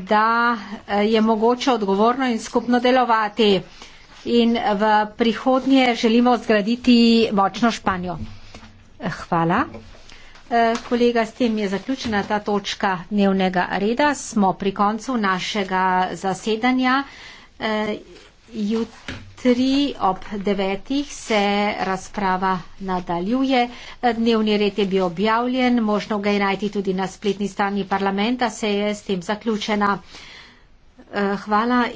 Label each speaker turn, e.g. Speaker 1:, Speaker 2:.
Speaker 1: da eh, je mogoče odgovorno in skupno delovati. In v prihodnje želimo zgraditi močno Španijo. Eh, hvala. Eh, kolega, s tem je zaključena ta točka dnevnega reda. Smo pri koncu našega zasedanja. Jutri tri ob devetih se razprava nadaljuje. Dnevni red je bil objavljen, možno ga je najti tudi na spletni strani parlamenta, se je s tem zaključena.
Speaker 2: Eh, hvala.